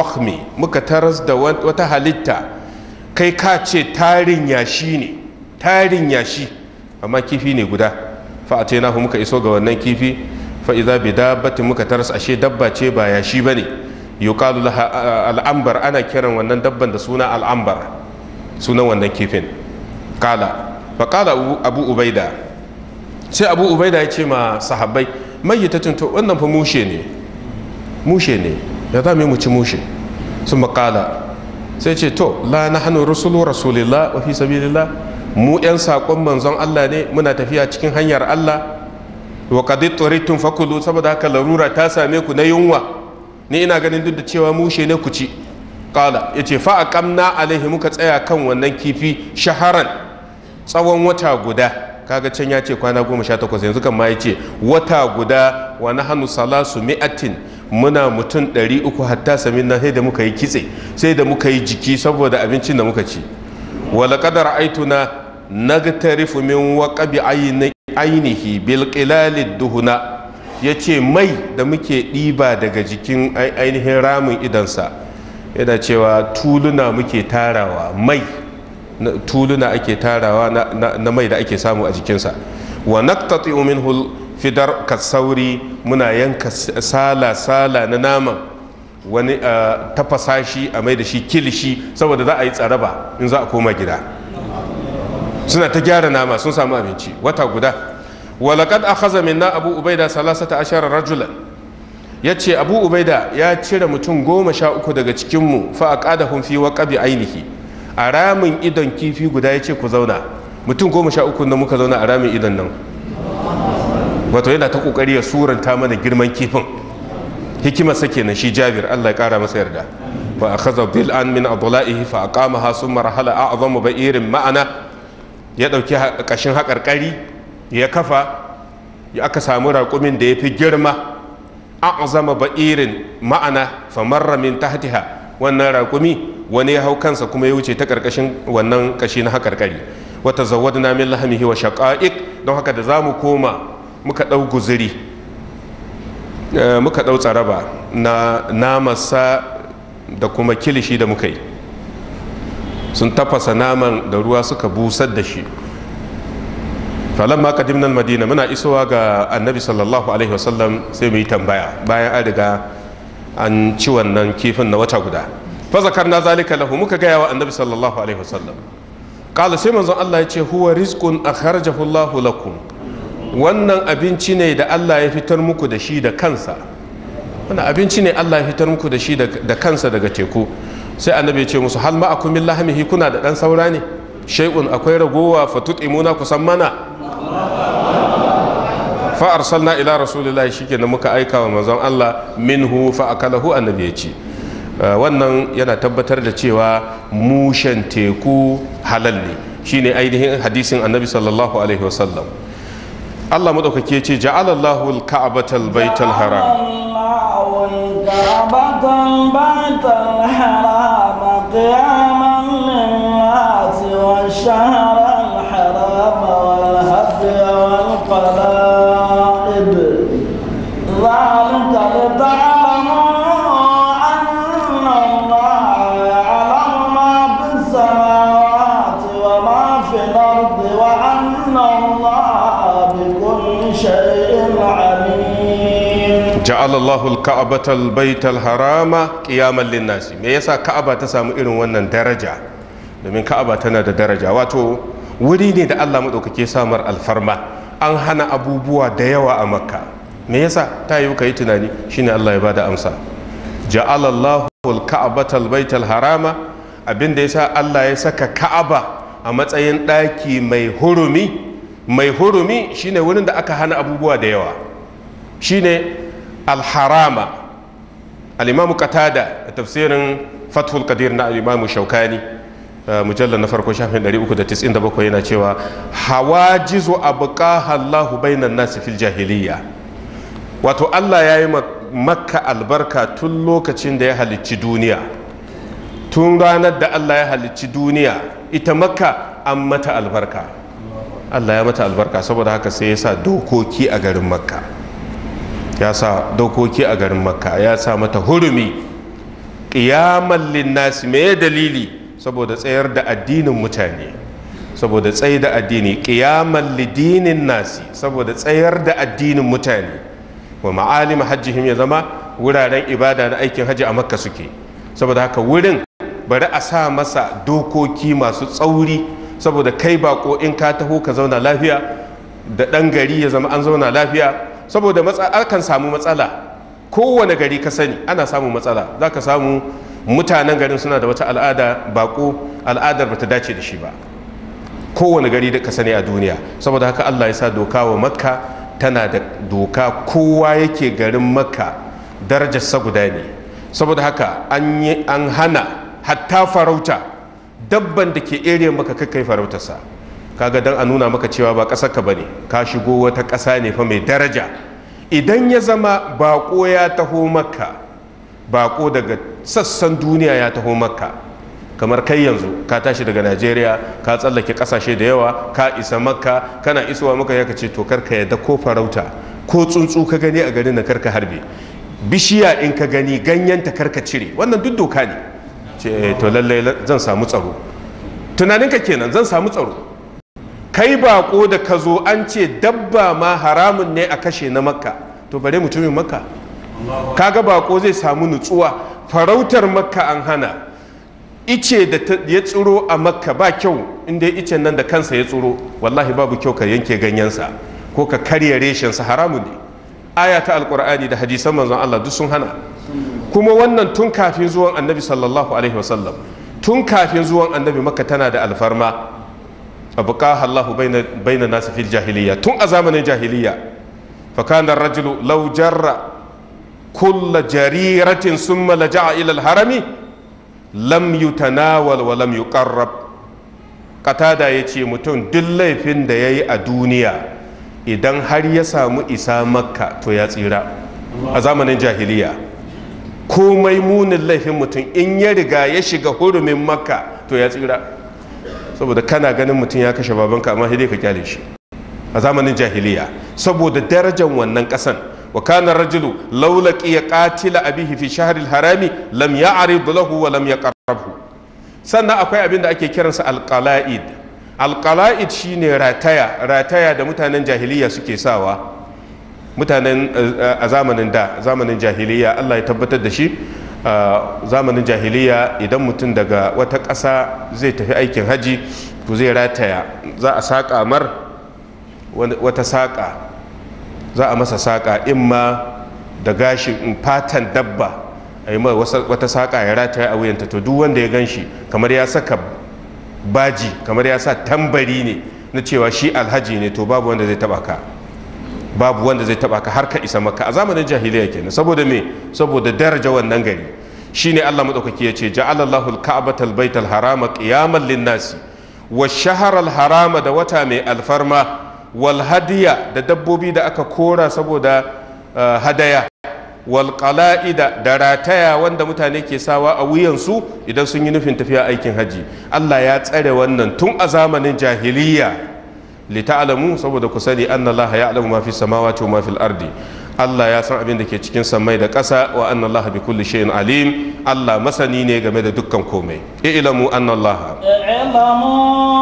ضخمي muka taras da wata halitta kai ka ce tarin yashi ne tarin yashi amma kifi ne guda fa atainahu muka iso ga wannan kifi fa idza bi dabbatin muka taras ashe dabba ce ba yashi bane yuqalu laha al'ambar ana kiran wannan dabban da suna al'ambar sunan wannan kifin kala fa kala abu ubaida sai abu ubaida ya ce ma sahabbai mayyitatun to wannan fa mushe ne mushe ne ya za mu ci mushe sun makala sai ce to la na hannu rasulu rasulillah wa fi sabilillah mu yan saƙon manzon Allah ne muna tafiya cikin hanyar Allah wa qad turitum fakulu saboda haka larura ta same ku na yunwa ni ina ganin duk da cewa mushe ne ku ci Kala yace fa aqamna alaihi muka tsaya kan wannan kifi shaharan tsawon wata guda kaga can ya ce kwana goma sha takwas yanzu kan ma ya ce wata guda wa na hannu salasu mi'atin muna mutum 300 hatta samin na sai da muka yi kitse sai da muka yi jiki saboda abincin da muka ci wala kadar aituna nagtarifu min waqabi ainihi bil qilal duhuna yace mai da muke ɗiba daga jikin ainihin ramin idansa yana cewa tuluna muke tarawa mai tuluna ake tarawa na mai da ake samu a jikinsa wa naqtati minhu fidar kasauri muna yanka sala-sala na naman wani tafasa shi a mai da shi kilishi saboda za a yi tsaraba in za a koma gida suna ta gyara nama sun samu abinci wata guda walakad a haza minna abu ubaida salasata ashara rajula ya ce abu ubaida ya cire mutum goma sha uku daga cikinmu fa a ƙadahun fi wa ƙabi ainihi a ramin idon kifi guda ya ce ku zauna mutum goma sha uku da muka zauna a ramin idon nan wato yana ta kokari ya suranta mana girman kifin hikimar sa na shi jabir Allah ya kara masa yarda fa akhadha an min adla'ihi fa aqamaha summa rahala a'zamu ba'irin ma'ana ya dauki kashin hakarkari ya kafa ya aka samu raƙumin da ya fi girma a'zama ba'irin ma'ana fa marra min tahtiha wannan raƙumi wani ya hau kansa kuma ya wuce ta karkashin wannan kashi na hakarkari wata zawadna min lahamihi wa shaqa'iq don haka da zamu koma muka ɗau guziri eh, muka ɗau tsaraba na namasa da kuma kilishi da muka yi sun tafasa naman da ruwa suka busar da shi falamma kadimnan madina muna isowa ga annabi sallallahu alaihi wasallam sai mu yi tambaya bayan an riga an ci wannan kifin na wata guda fa na zalika lahu muka gaya wa annabi sallallahu alaihi wasallam qala sai manzon Allah ya ce huwa rizqun akhrajahu Allahu lakum wannan abinci ne da Allah ya fitar muku da shi da kansa wannan abinci ne Allah ya fitar muku da shi da kansa daga teku sai annabi ya ce musu hal ma akum min lahmihi kuna da dan saura ne shay'un akwai ragowa fa ku kusan mana fa arsalna ila rasulillahi shikenan muka aika wa manzon Allah minhu fa akalahu annabi ya ce uh, wannan yana tabbatar da cewa mushen teku halal ne shine ainihin hadisin annabi sallallahu alaihi wasallam الله مدوك كيتي جعل الله الكعبة البيت الحرام قياما للناس والشهرات شيء عليم جعل الله الكعبة البيت الحرام قياما للناس me yasa Ka'aba ta samu irin wannan daraja domin Ka'aba tana da daraja wato wuri ne da Allah madaukake samar alfarma an hana abubuwa da yawa a Makka me yasa ta yi kai tunani shine Allah ya bada amsa ja'ala Allahu al-Ka'bata al-Bayt al-Harama abinda yasa Allah ya saka Ka'aba a matsayin ɗaki mai hurumi mai hurumi shine wurin da aka hana abubuwa da yawa shine alharama al'imamu katada da tafsirin fathul kadir na al'imamu shaukani uh, mujallar na farko shafin 397 yana cewa hawa jizo abqaha Allahu bainan nasi fil jahiliya wato Allah ya yi makka albarka tun lokacin da ya halicci duniya tun ranar da Allah ya halicci duniya ita makka an mata albarka allah ya mata albarka saboda haka sai ya sa dokoki a garin makka ya sa dokoki a garin makka ya sa mata hurumi ƙiyaman linnasi me dalili saboda tsayar da addinin mutane saboda tsayar da addini ƙiyaman lidinin nasi saboda tsayar da addinin mutane wa ma'alim hajjihim ya zama wuraren ibada na aikin hajji a makka suke saboda haka wurin bari a sa masa dokoki masu tsauri saboda kai bako in ka taho ka zauna lafiya da ɗan gari ya zama an zauna lafiya saboda akan samu matsala kowane gari ka sani ana samu matsala za ka samu mutanen garin suna da wata al'ada bako al'adar ba ta dace da shi ba kowane gari da ka sani a duniya saboda haka allah ya sa doka wa makka tana da doka kowa yake garin makka darajarsa guda ne saboda haka an hana hatta farauta dabban da ke ere maka kakkai farautarsa kaga dan a nuna maka cewa ba kasar ka ne ka shigo wata ƙasa ne fa mai daraja idan ya zama baƙo ya taho maka baƙo daga sassan duniya ya taho maka kamar kai yanzu ka tashi daga najeriya ka tsallake ƙasashe da yawa ka isa maka kana isowa maka ya ce to karka yadda ko farauta ko tsuntsu ka gani a garin na karka harbe bishiya in ka gani ganyen ta karka cire wannan duk doka ne ce eh, to lallai zan samu tsaro tunaninka kenan zan samu tsaro kai bako da ka zo an ce dabba ma haramun ne a kashe na makka to bare mutumin makka kaga bako zai samu nutsuwa farautar makka an hana ice da ya tsiro a makka ba kyau inda ice nan da kansa ya tsiro wallahi babu kyau ka yanke ganyensa ko ka karya reshensa haramun ne aya ta alkur'ani da hadisan manzon Allah duk sun hana kuma wannan tun kafin zuwan annabi sallallahu alaihi wasallam tun kafin zuwan annabi maka tana da alfarma abu Allahu baina nasu fil jahiliya tun a zamanin jahiliya fakanar rajulu lau jarra kulla jariratin sun malaja'a ilal harami lam yutanawal wa lam yuqarrab katada ya ce mutum duk laifin da ya yi a duniya idan har ya samu isa makka to ya tsira a zamanin jahiliya komai munin laifin mutum in ya riga ya shiga hurumin makka to ya tsira saboda kana ganin mutum ya kashe babanka amma sai ka kyale shi a zamanin jahiliya saboda darajar wannan kasan wa kana rajulu laula ya qatila abihi fi shahril harami lam ya'rid lahu wa lam yaqrabhu sannan akwai abin da ake kiransa alqalaid alqalaid shine rataya rataya da mutanen jahiliya suke sawa mutanen a zamanin da zamanin jahiliya Allah ya tabbatar da shi a zamanin jahiliya idan mutum daga wata ƙasa zai tafi aikin haji to zai rataya za a saƙa mar wata saƙa za a masa saƙa imma da gashin fatan dabba a yi wata saƙa ya rataya a wuyanta to duk wanda ya gan shi kamar ya saka baji kamar ya sa tambari ne na cewa shi alhaji ne to babu wanda zai taba ka babu wanda zai taba ka har ka isa maka a zamanin jahiliya kenan saboda me saboda daraja wannan gari shine Allah madaukaki yace ja'alallahu al-ka'bata al-bayta al-harama qiyaman lin-nasi wa shahara al-harama da wata mai alfarma wal hadiya da dabbobi da aka kora saboda eh, hadaya wal qala'ida da rataya wanda mutane ke sawa a wuyansu idan sun yi nufin tafiya aikin haji Allah ya tsare wannan tun a zamanin jahiliya lita'lamu saboda ku sani anna ya'lamu ma fi samawati wa ma fil ardi Allah ya san abin da ke cikin sammai da ƙasa wa anna bi kulli shay'in alim Allah masani ne game da dukkan komai i'lamu anna i'lamu